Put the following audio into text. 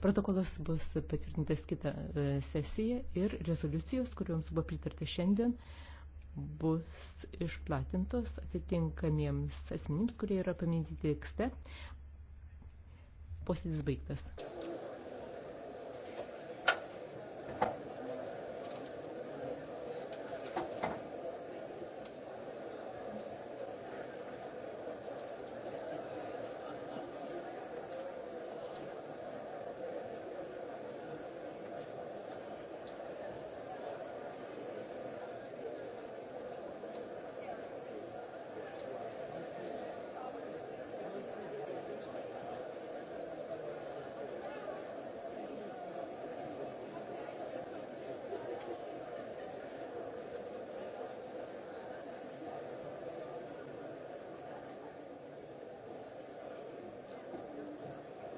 Protokolas bus patvirtintas kitą e, sesiją ir rezoliucijos, kuriuoms buvo pritarta šiandien, bus išplatintos atitinkamiems asmenims, kurie yra paminėti tekste. Posėdis baigtas.